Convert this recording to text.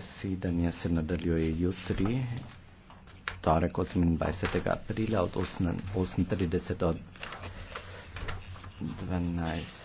Zasedanje se nadaljuje jutri, torek 28. aprila od 8.30 do 12.